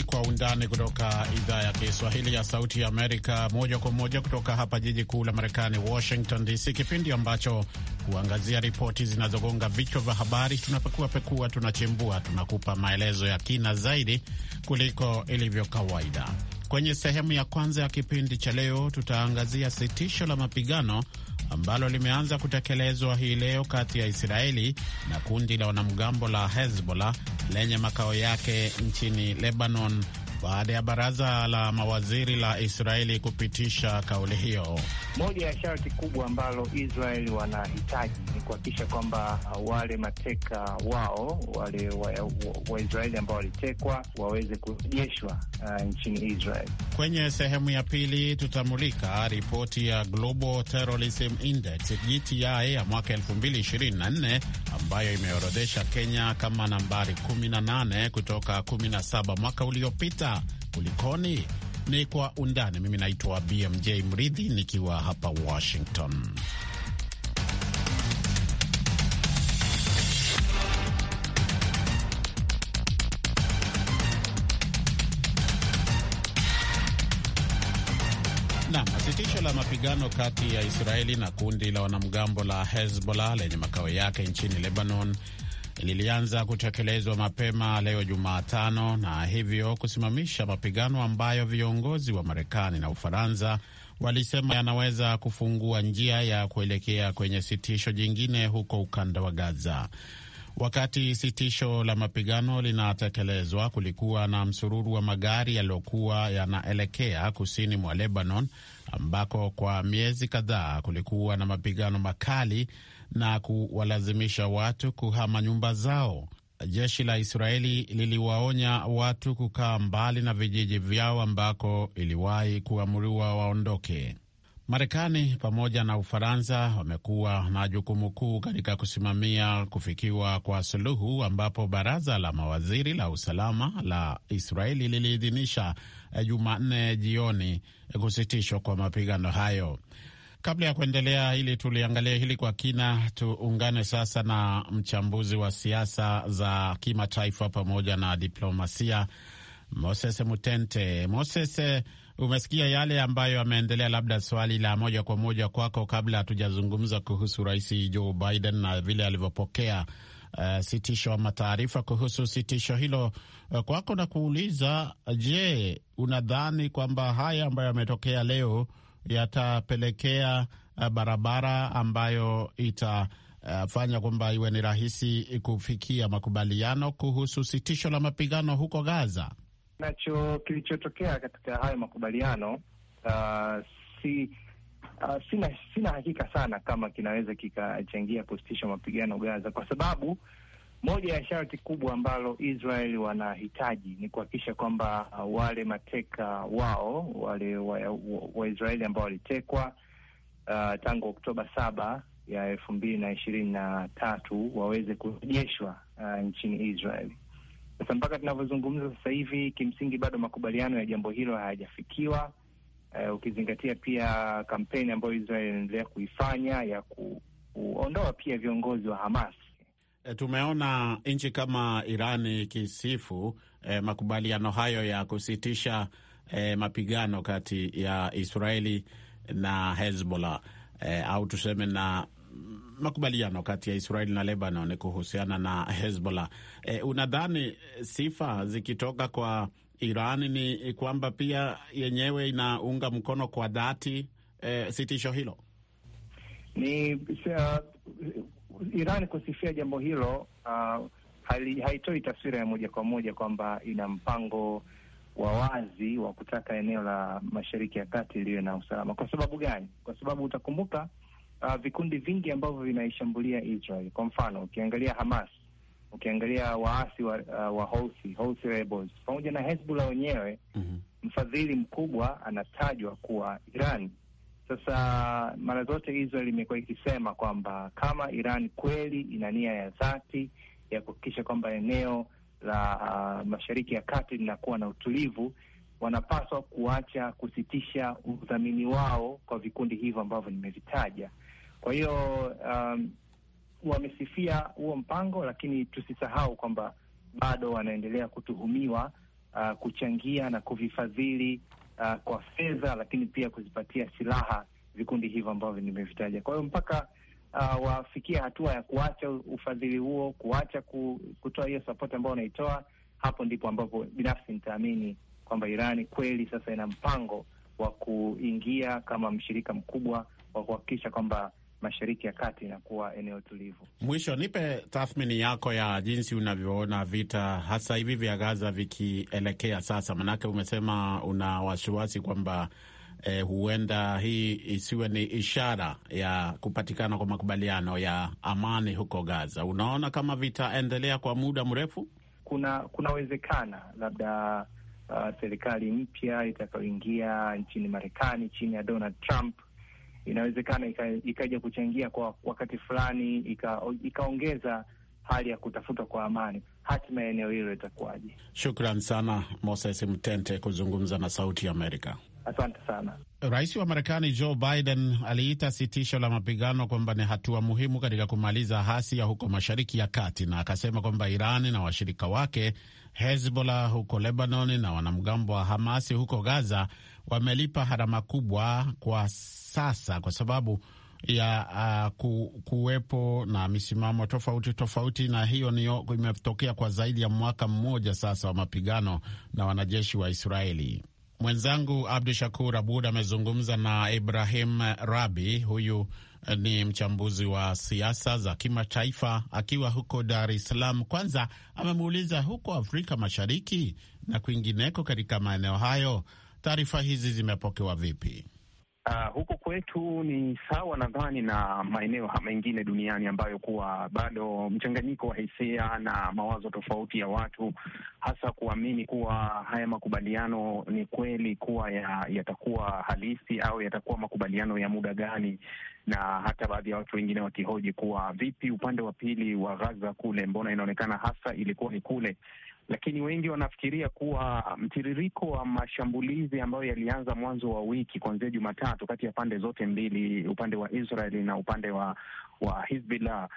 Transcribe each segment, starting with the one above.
ni Kwa Undani kutoka idhaa ya Kiswahili ya Sauti ya Amerika, moja kwa moja kutoka hapa jiji kuu la Marekani, Washington DC, kipindi ambacho huangazia ripoti zinazogonga vichwa vya habari. Tunapekua pekua, tunachimbua, tunakupa maelezo ya kina zaidi kuliko ilivyo kawaida. Kwenye sehemu ya kwanza ya kipindi cha leo, tutaangazia sitisho la mapigano ambalo limeanza kutekelezwa hii leo kati ya Israeli na kundi la wanamgambo la Hezbollah lenye makao yake nchini Lebanon baada ya baraza la mawaziri la Israeli kupitisha kauli hiyo. Moja ya sharti kubwa ambalo Israeli wanahitaji ni kuhakikisha kwamba wale mateka wao wale Waisraeli wa, wa ambao walitekwa waweze kurejeshwa uh, nchini Israel. Kwenye sehemu ya pili tutamulika ripoti ya Global Terrorism Index GTI ya mwaka 2024 ambayo imeorodhesha Kenya kama nambari 18 kutoka 17 mwaka uliopita sasa kulikoni? Ni kwa undani. Mimi naitwa BMJ Mridhi nikiwa hapa Washington. Nam, sitisho la mapigano kati ya Israeli na kundi la wanamgambo la Hezbollah lenye makao yake nchini Lebanon lilianza kutekelezwa mapema leo Jumatano na hivyo kusimamisha mapigano ambayo viongozi wa Marekani na Ufaransa walisema yanaweza kufungua njia ya kuelekea kwenye sitisho jingine huko ukanda wa Gaza. Wakati sitisho la mapigano linatekelezwa, kulikuwa na msururu wa magari yaliyokuwa yanaelekea kusini mwa Lebanon ambako kwa miezi kadhaa kulikuwa na mapigano makali na kuwalazimisha watu kuhama nyumba zao. Jeshi la Israeli liliwaonya watu kukaa mbali na vijiji vyao ambako iliwahi kuamuriwa waondoke. Marekani pamoja na Ufaransa wamekuwa na jukumu kuu katika kusimamia kufikiwa kwa suluhu, ambapo baraza la mawaziri la usalama la Israeli liliidhinisha eh, Jumanne jioni eh, kusitishwa kwa mapigano hayo. Kabla ya kuendelea ili tuliangalia hili kwa kina, tuungane sasa na mchambuzi wa siasa za kimataifa pamoja na diplomasia Moses Mutente. Moses, eh, Umesikia yale ambayo ameendelea Labda swali la moja kwa moja kwako, kabla hatujazungumza kuhusu Rais Joe Biden na vile alivyopokea uh, sitisho ama taarifa kuhusu sitisho hilo uh, kwako na kuuliza, je, unadhani kwamba haya ambayo yametokea leo yatapelekea uh, barabara ambayo ita Uh, fanya kwamba iwe ni rahisi kufikia makubaliano kuhusu sitisho la mapigano huko Gaza nacho kilichotokea katika hayo makubaliano uh, si Uh, sina sina hakika sana kama kinaweza kikachangia kusitisha mapigano Gaza, kwa sababu moja ya sharti kubwa ambalo Israel wanahitaji ni kuhakikisha kwamba uh, wale mateka wao wale Waisraeli wa, wa ambao walitekwa uh, tangu Oktoba saba ya elfu mbili na ishirini na tatu waweze kurejeshwa uh, nchini Israel. Sasa mpaka tunavyozungumza sasa hivi, kimsingi bado makubaliano ya jambo hilo hayajafikiwa, uh, ukizingatia pia kampeni ambayo Israel inaendelea kuifanya ya ku, kuondoa pia viongozi wa Hamas. E, tumeona nchi kama Irani ikisifu e, makubaliano hayo ya kusitisha e, mapigano kati ya Israeli na Hezbollah e, au tuseme na makubaliano kati ya Israeli na Lebanon kuhusiana na Hezbollah. E, unadhani sifa zikitoka kwa Iran ni kwamba pia yenyewe inaunga mkono kwa dhati e, sitisho hilo? Ni uh, Iran kusifia jambo hilo uh, haitoi taswira ya moja kwa moja kwamba ina mpango wa wazi wa kutaka eneo la Mashariki ya Kati iliyo na usalama. Kwa sababu gani? Kwa sababu utakumbuka uh, vikundi vingi ambavyo vinaishambulia Israel. Kwa mfano ukiangalia Hamas, ukiangalia waasi wa, uh, wa Houthi, Houthi rebels pamoja na Hezbollah wenyewe mm -hmm. mfadhili mkubwa anatajwa kuwa Iran. Sasa mara zote Israel imekuwa ikisema kwamba kama Iran kweli ina nia ya dhati ya kuhakikisha kwamba eneo la uh, Mashariki ya Kati linakuwa na utulivu, wanapaswa kuacha kusitisha udhamini wao kwa vikundi hivyo ambavyo nimevitaja. Kwa hiyo um, wamesifia huo mpango, lakini tusisahau kwamba bado wanaendelea kutuhumiwa uh, kuchangia na kuvifadhili uh, kwa fedha, lakini pia kuzipatia silaha vikundi hivyo ambavyo nimevitaja. Kwa hiyo mpaka uh, wafikia hatua ya kuacha ufadhili huo, kuacha kutoa hiyo sapoti ambao wanaitoa, hapo ndipo ambapo binafsi nitaamini kwamba Irani kweli sasa ina mpango wa kuingia kama mshirika mkubwa wa kuhakikisha kwamba Mashariki ya Kati kuwa eneo tulivu. Mwisho, nipe tathmini yako ya jinsi unavyoona vita hasa hivi vya Gaza vikielekea sasa, manake umesema una wasiwasi kwamba eh, huenda hii isiwe ni ishara ya kupatikana kwa makubaliano ya amani huko Gaza. Unaona kama vitaendelea kwa muda mrefu? Kuna kunawezekana labda, uh, serikali mpya itakayoingia nchini Marekani chini ya Donald Trump inawezekana ikaja kuchangia kwa wakati fulani, ikaongeza hali ya kutafuta kwa amani. Hatima ya eneo hilo itakuwaje? Shukran sana Moses Mtente kuzungumza na Sauti ya Amerika. Asante sana. Rais wa Marekani Joe Biden aliita sitisho la mapigano kwamba ni hatua muhimu katika kumaliza hasia huko Mashariki ya Kati, na akasema kwamba Irani na washirika wake Hezbollah huko Lebanon na wanamgambo wa Hamasi huko Gaza wamelipa harama kubwa kwa sasa kwa sababu ya uh, ku, kuwepo na misimamo tofauti tofauti, na hiyo niyo imetokea kwa zaidi ya mwaka mmoja sasa wa mapigano na wanajeshi wa Israeli. Mwenzangu Abdu Shakur Abud amezungumza na Ibrahim Rabi, huyu eh, ni mchambuzi wa siasa za kimataifa akiwa huko Dar es Salaam. Kwanza amemuuliza huko Afrika Mashariki na kwingineko katika maeneo hayo Taarifa hizi zimepokewa vipi? Uh, huko kwetu ni sawa nadhani na maeneo mengine duniani ambayo kuwa bado mchanganyiko wa hisia na mawazo tofauti ya watu, hasa kuamini kuwa haya makubaliano ni kweli kuwa yatakuwa ya halisi au yatakuwa makubaliano ya muda gani, na hata baadhi ya watu wengine wakihoji kuwa vipi upande wa pili wa Gaza kule, mbona inaonekana hasa ilikuwa ni kule lakini wengi wanafikiria kuwa mtiririko wa mashambulizi ambayo yalianza mwanzo wa wiki kuanzia Jumatatu kati ya pande zote mbili, upande wa Israeli na upande wa wa Hizbullah uh,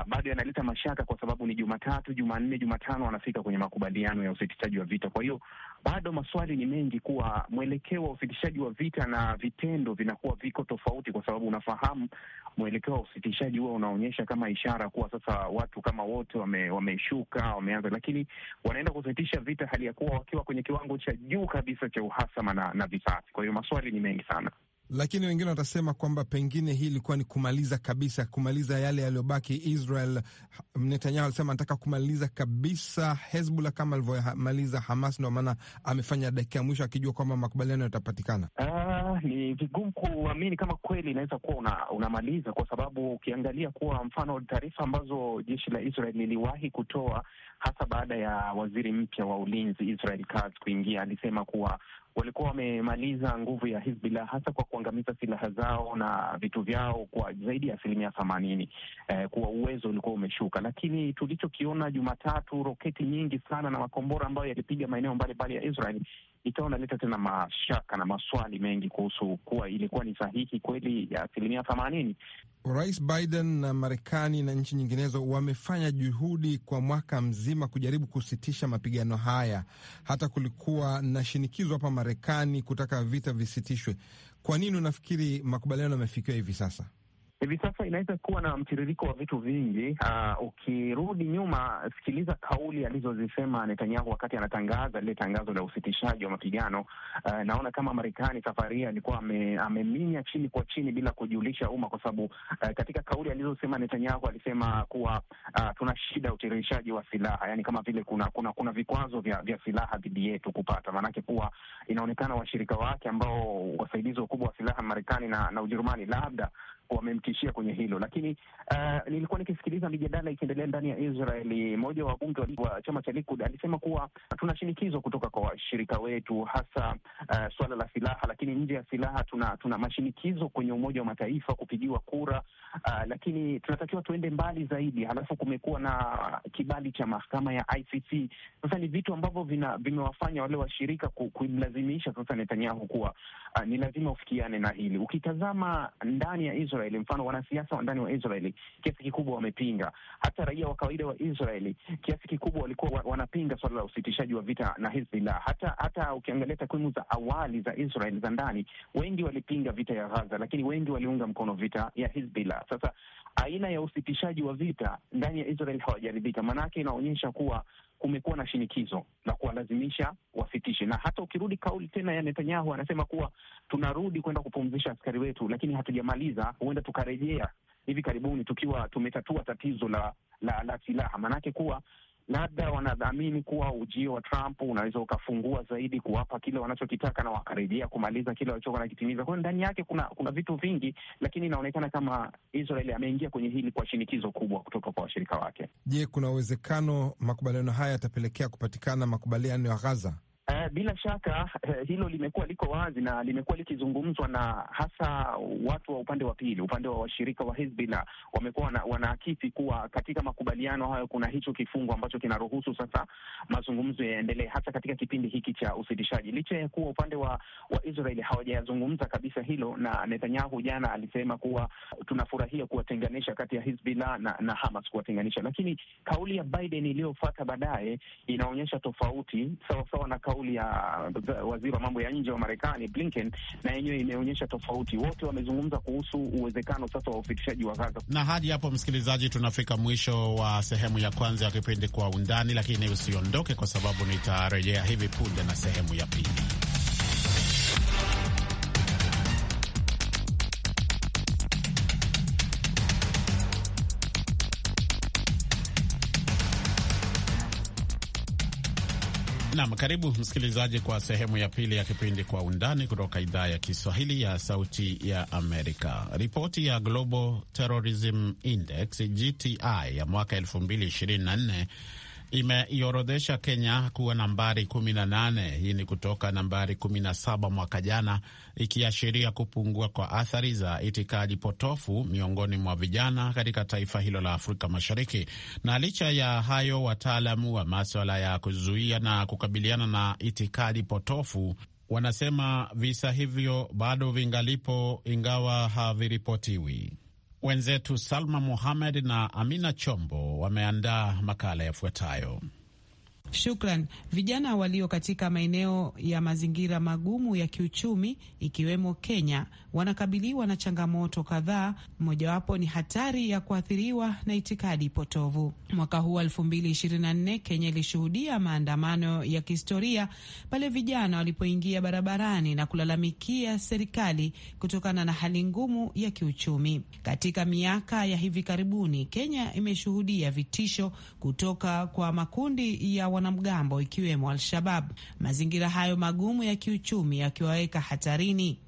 ah, bado yanaleta mashaka kwa sababu ni Jumatatu, Jumanne, Jumatano wanafika kwenye makubaliano ya usitishaji wa vita. Kwa hiyo bado maswali ni mengi kuwa mwelekeo wa usitishaji wa vita na vitendo vinakuwa viko tofauti, kwa sababu unafahamu mwelekeo wa usitishaji huwa unaonyesha kama ishara kuwa sasa watu kama wote wame, wameshuka wameanza, lakini wanaenda kusitisha vita hali ya kuwa wakiwa kwenye kiwango cha juu kabisa cha uhasama na, na visasi. Kwa hiyo maswali ni mengi sana lakini wengine watasema kwamba pengine hii ilikuwa ni kumaliza kabisa, kumaliza yale yaliyobaki. Israel, Netanyahu alisema anataka kumaliza kabisa Hezbollah kama alivyomaliza Hamas. Ndio maana amefanya dakika ya mwisho akijua kwamba makubaliano yatapatikana. Ah, ni vigumu kuamini kama kweli inaweza kuwa una, unamaliza kwa sababu ukiangalia kuwa mfano taarifa ambazo jeshi la Israel liliwahi kutoa hasa baada ya waziri mpya wa ulinzi Israel Katz kuingia, alisema kuwa walikuwa wamemaliza nguvu ya Hizbillah hasa kwa kuangamiza silaha zao na vitu vyao kwa zaidi ya asilimia themanini. Eh, kuwa uwezo ulikuwa umeshuka, lakini tulichokiona Jumatatu, roketi nyingi sana na makombora ambayo yalipiga maeneo mbalimbali ya Israel ikawa unaleta tena mashaka na maswali mengi kuhusu kuwa ilikuwa ni sahihi kweli ya asilimia themanini. Rais Biden na Marekani na nchi nyinginezo wamefanya juhudi kwa mwaka mzima kujaribu kusitisha mapigano haya. Hata kulikuwa na shinikizo hapa Marekani kutaka vita visitishwe. Kwa nini unafikiri makubaliano yamefikiwa hivi sasa? hivi sasa inaweza kuwa na mtiririko wa vitu vingi. Uh, ukirudi nyuma, sikiliza kauli alizozisema Netanyahu wakati anatangaza lile tangazo la usitishaji wa mapigano. Uh, naona kama Marekani safari hii alikuwa ameminya chini kwa chini bila kujulisha umma, kwa sababu uh, katika kauli alizosema Netanyahu alisema kuwa uh, tuna shida ya utiririshaji wa silaha, yani kama vile kuna kuna kuna vikwazo vya, vya silaha dhidi yetu kupata, maanake kuwa inaonekana washirika wake ambao wasaidizi wakubwa wa silaha Marekani na, na Ujerumani labda wamemtishia kwenye hilo. Lakini uh, nilikuwa nikisikiliza mijadala ikiendelea ndani ya Israeli, mmoja wa wabunge wa chama cha Likud alisema kuwa tuna shinikizo kutoka kwa washirika wetu, hasa uh, eh, suala la silaha, lakini nje ya silaha tuna tuna mashinikizo kwenye Umoja wa Mataifa kupigiwa kura uh, lakini tunatakiwa tuende mbali zaidi. Halafu kumekuwa na kibali cha mahakama ya ICC. Sasa ni vitu ambavyo vimewafanya wale washirika kuimlazimisha sasa Netanyahu kuwa uh, ni lazima ufikiane na hili. Ukitazama ndani ya Israel Israel, mfano wanasiasa wa ndani wa Israeli kiasi kikubwa wamepinga. Hata raia wa kawaida wa Israeli kiasi kikubwa walikuwa wanapinga swala la usitishaji wa vita na Hizbullah. Hata hata ukiangalia takwimu za awali za Israel za ndani, wengi walipinga vita ya Gaza, lakini wengi waliunga mkono vita ya Hizbullah. Sasa aina ya usitishaji wa vita ndani ya Israel hawajaridhika, maanake inaonyesha kuwa kumekuwa na shinikizo la kuwalazimisha wasitishe, na hata ukirudi kauli tena ya Netanyahu anasema kuwa tunarudi kwenda kupumzisha askari wetu, lakini hatujamaliza, huenda tukarejea hivi karibuni tukiwa tumetatua tatizo la la, la silaha. Maanake kuwa labda wanadhamini kuwa ujio wa Trump unaweza ukafungua zaidi kuwapa kile wanachokitaka na wakarejea kumaliza kile walichokuwa nakitimiza. Kwa hiyo ndani yake kuna kuna vitu vingi, lakini inaonekana kama Israel ameingia kwenye hili kwa shinikizo kubwa kutoka kwa washirika wake. Je, kuna uwezekano makubaliano haya yatapelekea kupatikana makubaliano ya Gaza? Uh, bila shaka uh, hilo limekuwa liko wazi na limekuwa likizungumzwa na hasa watu wa upande wa pili, upande wa washirika wa Hezbollah wamekuwa wana, wanaakisi kuwa katika makubaliano hayo kuna hicho kifungo ambacho kinaruhusu sasa mazungumzo yaendelee hasa katika kipindi hiki cha usitishaji, licha ya kuwa upande wa, wa Israeli hawajayazungumza kabisa hilo, na Netanyahu jana alisema kuwa tunafurahia kuwatenganisha kati ya Hezbollah na, na Hamas kuwatenganisha, lakini kauli ya Biden iliyofata baadaye inaonyesha tofauti sawasawa na kauli kauli ya waziri wa mambo ya nje wa Marekani Blinken na yenyewe imeonyesha tofauti. Wote wamezungumza kuhusu uwezekano sasa wa ufikishaji wa Gaza. Na hadi hapo, msikilizaji, tunafika mwisho wa sehemu ya kwanza ya kipindi Kwa Undani, lakini usiondoke, kwa sababu nitarejea hivi punde na sehemu ya pili. Nam, karibu msikilizaji kwa sehemu ya pili ya kipindi Kwa Undani kutoka idhaa ya Kiswahili ya Sauti ya Amerika. Ripoti ya Global Terrorism Index, GTI, ya mwaka 2024 imeiorodhesha Kenya kuwa nambari 18. Hii ni kutoka nambari 17 mwaka jana, ikiashiria kupungua kwa athari za itikadi potofu miongoni mwa vijana katika taifa hilo la Afrika Mashariki. Na licha ya hayo, wataalamu wa maswala ya kuzuia na kukabiliana na itikadi potofu wanasema visa hivyo bado vingalipo, ingawa haviripotiwi. Wenzetu Salma muhamed na Amina Chombo wameandaa makala yafuatayo. Shukran. Vijana walio katika maeneo ya mazingira magumu ya kiuchumi ikiwemo Kenya wanakabiliwa na changamoto kadhaa, mojawapo ni hatari ya kuathiriwa na itikadi potovu. Mwaka huu 2024 Kenya ilishuhudia maandamano ya kihistoria pale vijana walipoingia barabarani na kulalamikia serikali kutokana na hali ngumu ya kiuchumi. Katika miaka ya hivi karibuni, Kenya imeshuhudia vitisho kutoka kwa makundi ya wanamgambo ikiwemo Al-Shabab, mazingira hayo magumu ya kiuchumi yakiwaweka hatarini.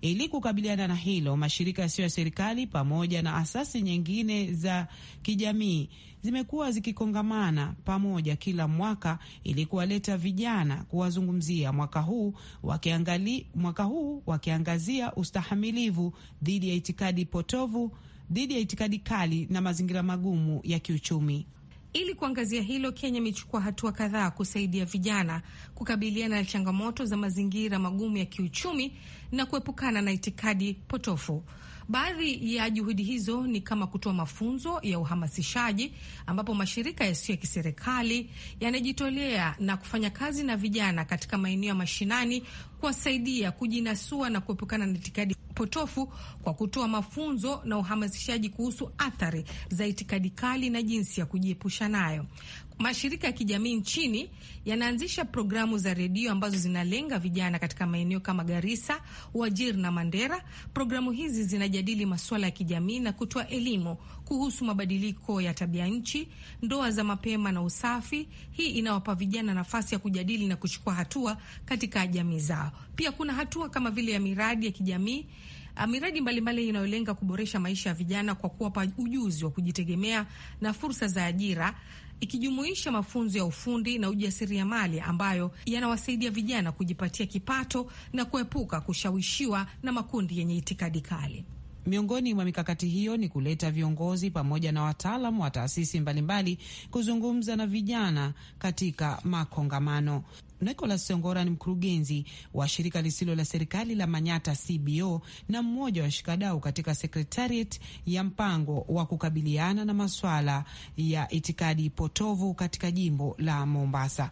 Ili kukabiliana na hilo, mashirika yasiyo ya serikali pamoja na asasi nyingine za kijamii zimekuwa zikikongamana pamoja kila mwaka ili kuwaleta vijana kuwazungumzia mwaka huu wakiangali, mwaka huu wakiangazia ustahamilivu dhidi ya itikadi potovu dhidi ya itikadi kali na mazingira magumu ya kiuchumi. Ili kuangazia hilo, Kenya imechukua hatua kadhaa kusaidia vijana kukabiliana na changamoto za mazingira magumu ya kiuchumi na kuepukana na itikadi potofu. Baadhi ya juhudi hizo ni kama kutoa mafunzo ya uhamasishaji ambapo mashirika yasiyo ya kiserikali yanajitolea na kufanya kazi na vijana katika maeneo ya mashinani kuwasaidia kujinasua na kuepukana na itikadi potofu kwa kutoa mafunzo na uhamasishaji kuhusu athari za itikadi kali na jinsi ya kujiepusha nayo. Mashirika ya kijamii nchini yanaanzisha programu za redio ambazo zinalenga vijana katika maeneo kama Garissa, Wajir na Mandera. Programu hizi zinajadili masuala ya kijamii na kutoa elimu kuhusu mabadiliko ya tabia nchi, ndoa za mapema na usafi. Hii inawapa vijana nafasi ya kujadili na kuchukua hatua katika jamii zao. Pia kuna hatua kama vile ya miradi ya kijamii ah, miradi mbalimbali inayolenga kuboresha maisha ya vijana kwa kuwapa ujuzi wa kujitegemea na fursa za ajira ikijumuisha mafunzo ya ufundi na ujasiriamali ya ambayo yanawasaidia vijana kujipatia kipato na kuepuka kushawishiwa na makundi yenye itikadi kali. Miongoni mwa mikakati hiyo ni kuleta viongozi pamoja na wataalam wa taasisi mbalimbali kuzungumza na vijana katika makongamano. Nicholas Songora ni mkurugenzi wa shirika lisilo la serikali la Manyata CBO na mmoja wa shikadau katika sekretariat ya mpango wa kukabiliana na maswala ya itikadi potovu katika jimbo la Mombasa.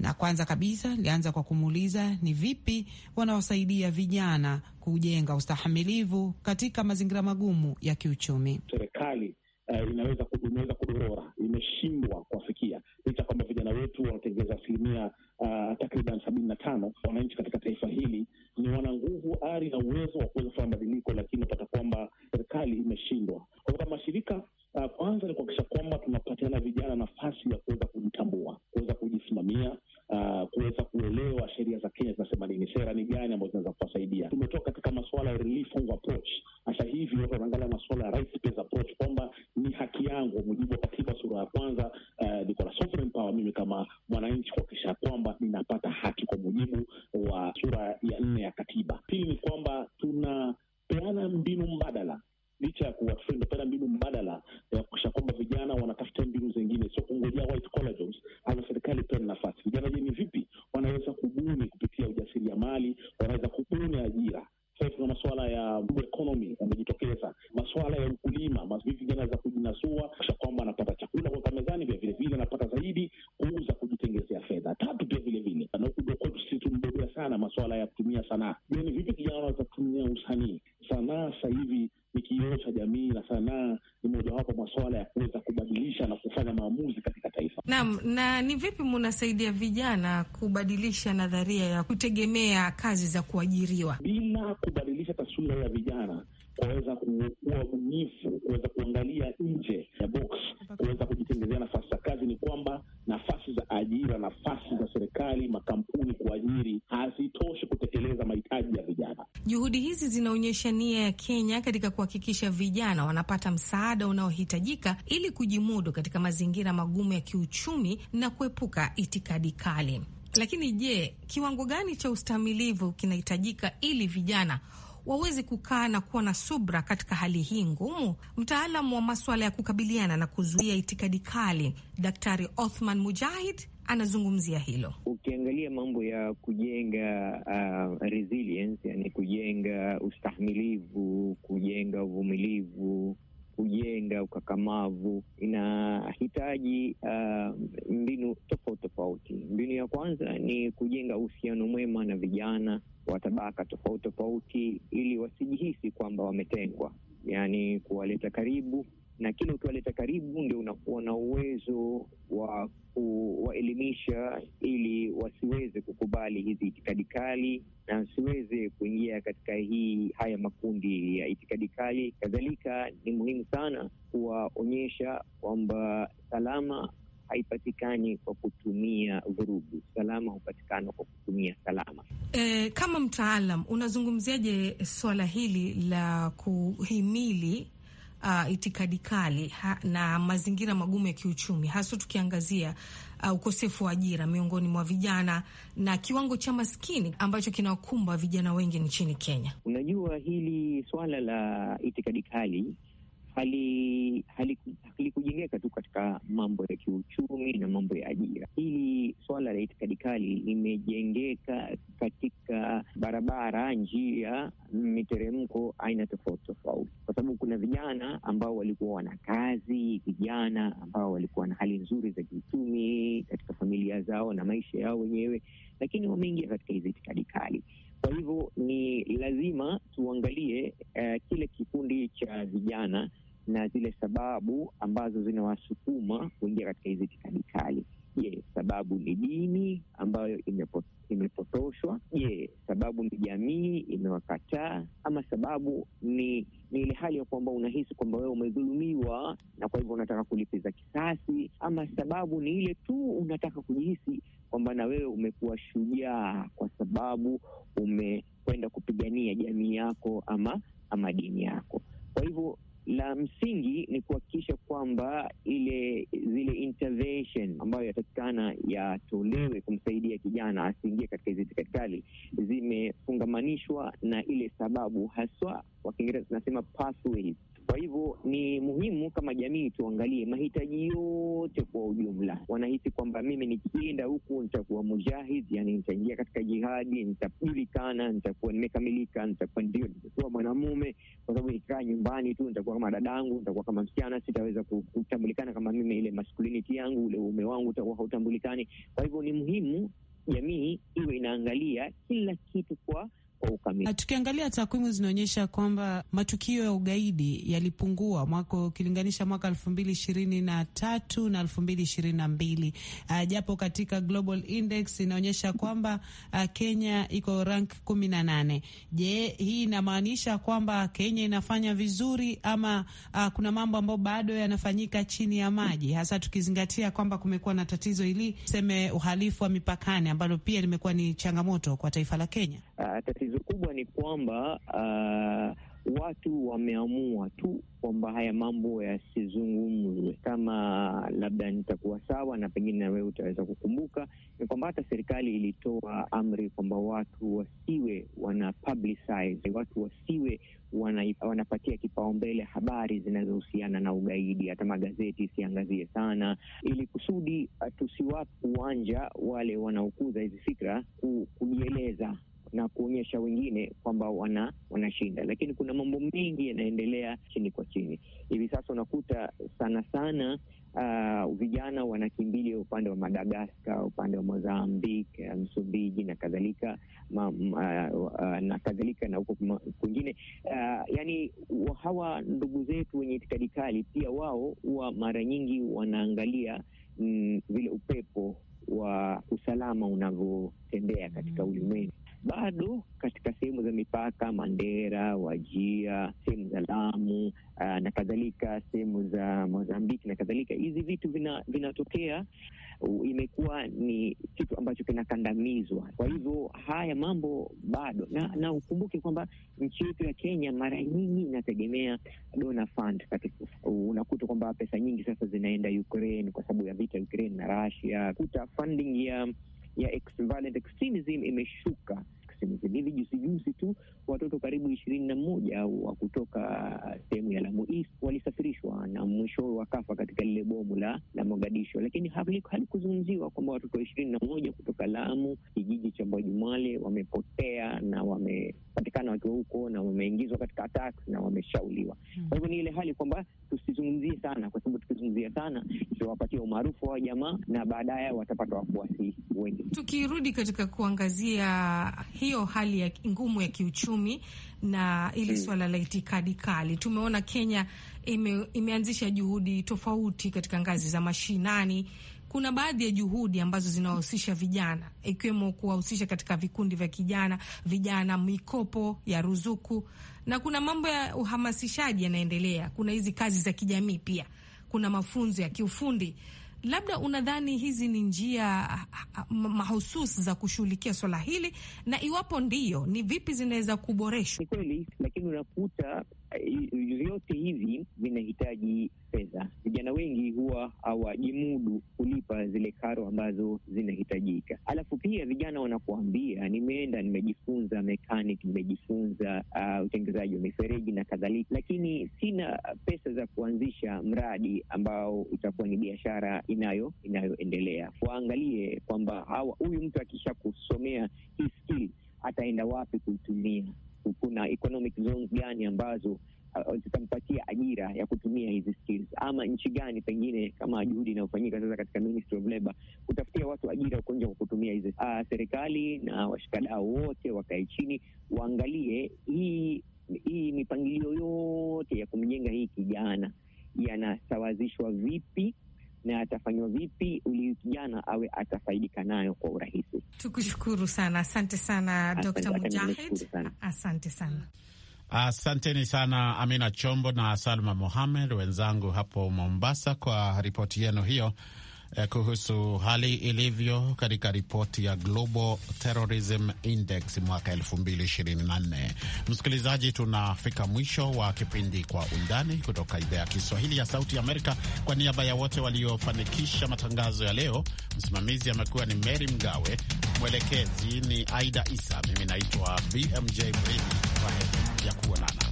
Na kwanza kabisa lianza kwa kumuuliza ni vipi wanawasaidia vijana kujenga ustahamilivu katika mazingira magumu ya kiuchumi. Serikali uh, inaweza imeweza kudorora, imeshindwa kuwafikia, licha kwamba vijana wetu wanatengeneza asilimia uh, takriban sabini na tano. Wananchi katika taifa hili ni wana nguvu, ari na uwezo wa kuweza kufanya mabadiliko, lakini unapata kwamba serikali imeshindwa. Kwa mashirika uh, eh, kwanza ni kuhakikisha kwamba tunapatiana vijana nafasi ya kuweza kujitambua, kuweza kujisimamia Uh, kuweza kuelewa sheria za Kenya zinasema nini, sera ni gani ambazo zinaweza kuwasaidia. Tumetoka katika masuala ya relief approach, sasa hivi masuala ya rights based approach, kwamba ni haki yangu mujibu wa katiba sura ya kwanza, uh, niko na sovereign power mimi kama mwananchi kuhakikisha kwamba ninapata haki kwa mujibu wa sura ya nne ya katiba. Pili ni kwamba Na ni vipi munasaidia vijana kubadilisha nadharia ya kutegemea kazi za kuajiriwa bila kubadilisha taswira ya vijana kuweza kuwa bunifu, kuweza kuangalia nje ya box, kuweza kujitengezea nafasi za kazi, ni kwamba nafasi za ajira, nafasi za serikali, makampuni kuajiri hazitoshi Juhudi hizi zinaonyesha nia ya Kenya katika kuhakikisha vijana wanapata msaada unaohitajika ili kujimudu katika mazingira magumu ya kiuchumi na kuepuka itikadi kali. Lakini je, kiwango gani cha ustahimilivu kinahitajika ili vijana waweze kukaa na kuwa na subra katika hali hii ngumu. Mtaalamu wa maswala ya kukabiliana na kuzuia itikadi kali Daktari Othman Mujahid anazungumzia hilo. Ukiangalia mambo ya kujenga uh, resilience, yani kujenga ustahimilivu, kujenga uvumilivu kujenga ukakamavu inahitaji uh, mbinu tofauti tofauti. Mbinu ya kwanza ni kujenga uhusiano mwema na vijana wa tabaka tofauti tofauti, ili wasijihisi kwamba wametengwa, yani kuwaleta karibu, na kile ukiwaleta karibu ndio unakuwa na uwezo wa kuwaelimisha ili wasiweze kukubali hizi itikadi kali na wasiweze kuingia katika hii haya makundi ya itikadi kali. Kadhalika ni muhimu sana kuwaonyesha kwamba salama haipatikani kwa kutumia vurugu. Salama hupatikana kwa kutumia salama. E, kama mtaalam unazungumziaje swala hili la kuhimili uh, itikadi kali na mazingira magumu ya kiuchumi hasa tukiangazia uh, ukosefu wa ajira miongoni mwa vijana na kiwango cha maskini ambacho kinawakumba vijana wengi nchini Kenya. Unajua hili swala la itikadi kali halikujengeka hali tu katika mambo ya kiuchumi na mambo ya ajira. Hili swala la itikadi kali limejengeka katika barabara, njia, miteremko aina tofauti tofauti, kwa sababu kuna vijana ambao walikuwa wana kazi, vijana ambao walikuwa na hali nzuri za kiuchumi katika familia zao na maisha yao wenyewe, lakini wameingia katika hizi itikadi kali. Kwa hivyo ni lazima tuangalie uh, kile kikundi cha vijana na zile sababu ambazo zinawasukuma kuingia katika hizi itikadi kali. Je, sababu ni dini ambayo imepotoshwa? Je, sababu ni jamii imewakataa? Ama sababu ni ni ile hali ya kwamba unahisi kwamba wewe umedhulumiwa na kwa hivyo unataka kulipiza kisasi? Ama sababu ni ile tu unataka kujihisi kwamba na wewe umekuwa shujaa kwa sababu umekwenda kupigania jamii yako ama ama dini yako. Kwa hivyo la msingi ni kuhakikisha kwamba ile zile intervention ambayo yatakikana yatolewe kumsaidia kijana asiingie katika hizi itikadi zimefungamanishwa na ile sababu haswa, wakiingereza Kiingereza tunasema pathways kwa hivyo ni muhimu kama jamii tuangalie mahitaji yote kwa ujumla. Wanahisi kwamba mimi nikienda huku nitakuwa mujahid, yani nitaingia katika jihadi, nitajulikana, nitakuwa nimekamilika, nitakuwa ndio nitakuwa mwanamume, kwa sababu nikikaa nyumbani tu nitakuwa kama dadangu, nitakuwa kama msichana, sitaweza kutambulikana kama mimi, ile maskuliniti yangu, ule uume wangu utakuwa hautambulikani. Kwa hivyo ni muhimu jamii iwe inaangalia kila kitu kwa kwa Na ah, Tukiangalia takwimu zinaonyesha kwamba matukio ya ugaidi yalipungua mwaka ukilinganisha mwaka elfu mbili ishirini na tatu na elfu mbili ishirini na mbili uh, japo katika Global Index inaonyesha kwamba uh, Kenya iko rank kumi na nane. Je, hii inamaanisha kwamba Kenya inafanya vizuri ama uh, kuna mambo ambayo bado yanafanyika chini ya maji, hasa tukizingatia kwamba kumekuwa na tatizo hili seme uhalifu wa mipakani ambalo pia limekuwa ni changamoto kwa taifa la Kenya? Uh, Tatizo kubwa ni kwamba uh, watu wameamua tu kwamba haya mambo yasizungumzwe. Kama labda nitakuwa sawa na pengine na wewe utaweza kukumbuka, ni kwamba hata serikali ilitoa amri kwamba watu wasiwe wana publicize, watu wasiwe wana, wanapatia kipaumbele habari zinazohusiana na ugaidi. Hata magazeti isiangazie sana, ili kusudi uh, tusiwape uwanja wale wanaokuza hizi fikra kujieleza na kuonyesha wengine kwamba wana wanashinda, lakini kuna mambo mengi yanaendelea chini kwa chini. Hivi sasa unakuta sana sana uh, vijana wanakimbilia upande wa Madagaskar, upande wa mozambik uh, Msumbiji na kadhalika ma, ma, uh, uh na kadhalika na huko kwingine uh, yani hawa ndugu zetu wenye itikadi kali pia wao huwa mara nyingi wanaangalia mm, vile upepo wa usalama unavyotembea katika mm. ulimwengu bado katika sehemu za mipaka Mandera, Wajia, sehemu za Lamu ah, na kadhalika, sehemu za Mozambiki na kadhalika, hizi vitu vinatokea vina imekuwa ni kitu ambacho kinakandamizwa. Kwa hivyo haya mambo bado na, na ukumbuke kwamba nchi yetu ya Kenya mara nyingi inategemea donor fund unakuta kwamba pesa nyingi sasa zinaenda Ukraine kwa sababu ya vita Ukraine na Russia, kuta funding ya ya equivalent extremism imeshuka hivi juzi juzi tu watoto karibu ishirini na moja wa kutoka sehemu ya Lamu East walisafirishwa na mwisho wakafa katika lile bomu la la Mogadisho, lakini halikuzungumziwa kwamba watoto ishirini na moja kutoka Lamu, kijiji cha mbwajumale wamepotea na wamepatikana wakiwa huko na wameingizwa katika attacks na wameshauliwa. Kwa hivyo ni ile hali kwamba tusizungumzie sana, kwa sababu tukizungumzia sana tutawapatia umaarufu wa jamaa na baadaye watapata wafuasi wengi. Tukirudi katika kuangazia hiyo hali ya ngumu ya kiuchumi na ili hmm. swala la itikadi kali, tumeona Kenya ime, imeanzisha juhudi tofauti katika ngazi za mashinani. Kuna baadhi ya juhudi ambazo zinawahusisha vijana ikiwemo kuwahusisha katika vikundi vya kijana vijana, mikopo ya ruzuku na kuna mambo ya uhamasishaji yanaendelea. Kuna hizi kazi za kijamii pia, kuna mafunzo ya kiufundi. Labda unadhani hizi ni njia mahususi za kushughulikia swala hili, na iwapo ndiyo, ni vipi zinaweza kuboreshwa? Ni kweli, lakini unakuta vyote hivi vinahitaji fedha. Vijana wengi huwa hawajimudu kulipa zile karo ambazo zinahitajika. Alafu pia vijana wanakuambia nimeenda, nimejifunza mechanic, nimejifunza uh, utengenezaji wa mifereji na kadhalika, lakini sina pesa za kuanzisha mradi ambao itakuwa ni biashara inayo inayoendelea. Waangalie kwamba huyu mtu kusomea hii skill ataenda wapi kuitumia kuna economic zones gani ambazo uh, zitampatia ajira ya kutumia hizi skills, ama nchi gani pengine, kama juhudi inayofanyika sasa katika Ministry of Labor kutafutia watu ajira huko nje kwa kutumia hizi uh, serikali na washikadau wote wakae chini waangalie hii hii mipangilio yote ya kumjenga hii kijana yanasawazishwa vipi na atafanywa vipi ili kijana awe atafaidika nayo kwa urahisi. Tukushukuru sana, asante sana Dr. Mujahid, asante sana. Asanteni sana Amina Chombo na Salma Mohamed, wenzangu hapo Mombasa, kwa ripoti yenu hiyo Eh, kuhusu hali ilivyo katika ripoti ya Global Terrorism Index mwaka 2024. Msikilizaji, tunafika mwisho wa kipindi Kwa Undani kutoka idhaa ya Kiswahili ya Sauti Amerika. Kwa niaba ya wote waliofanikisha matangazo ya leo, msimamizi amekuwa ni Mary Mgawe, mwelekezi ni Aida Isa, mimi naitwa BMJ Mridhi. Kwa heri ya kuonana.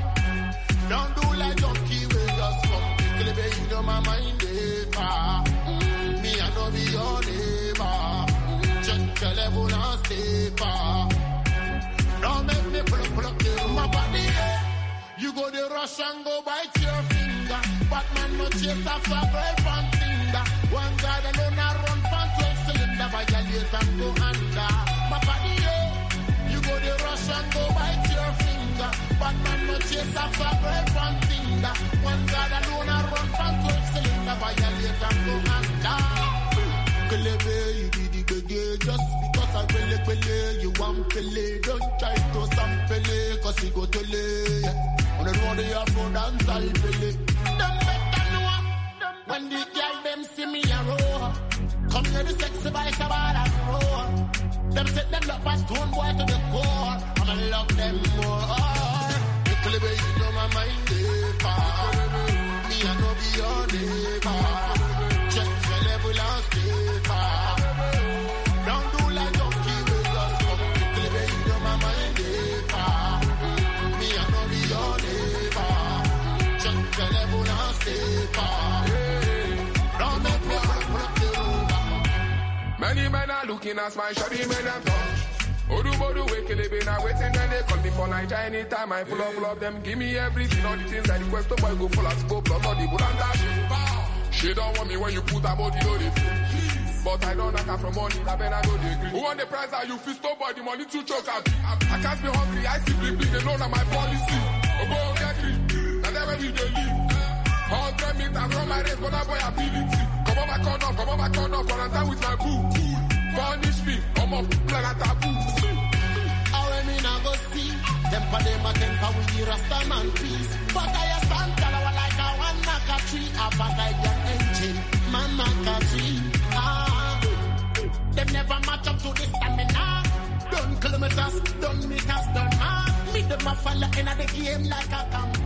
Don't do like junkie, we just come quickly, baby, you know my mind, paper. Mm, me, I know be your neighbor. Check your level and paper. Don't make me pull up, pull up, you my body, yeah. You go the rush and go bite your finger. Batman no chase after a girl from tinder. One guy alone, I run from 12 cylinder. by Violate and go under. My body, yeah. You go the rush and go bite but man no chase after bread from tinder. One God alone I run from 12 cylinder. Violate and go and die. you be the gege. Just because I pele pele, you want pele. Don't try to sample cause you go to lay. On the road you have no dance, I'll pele. Them better know. When the girl them see me a roll. Come here the sexy by Shabbat and roll. Them set them up as stone boy to the core. I'ma love them more. Baby, you know my mind dey far. Me I no be level you know my mind Me I no be your neighbor. level Many men are looking at my shabby men and talking all the way, they been waiting when they call me for night. Anytime I pull up, pull up them, give me everything, all the things I request. The boy go full as go plus all the good shit. She don't want me when you put her body on the feet. But I don't knock her from money, I better go degree. Who want the prize that you fist up? boy, the money to choke I, I, I can't be hungry, I see bleep, they know my policy. Oh, go get it, and then when you leave. 100 meters from my race, but that boy ability. Come on my corner, come on my corner, quarantine with my boo. Punish me, I'm off, plan a taboo. But them a temper we the Rasta man peace. But I stand tall like a one knock a tree. I back like an engine, man knock a tree. Ah, them never match up to this stamina. Done kilometers, done meters, done miles. Me them a follow in the game like a camp.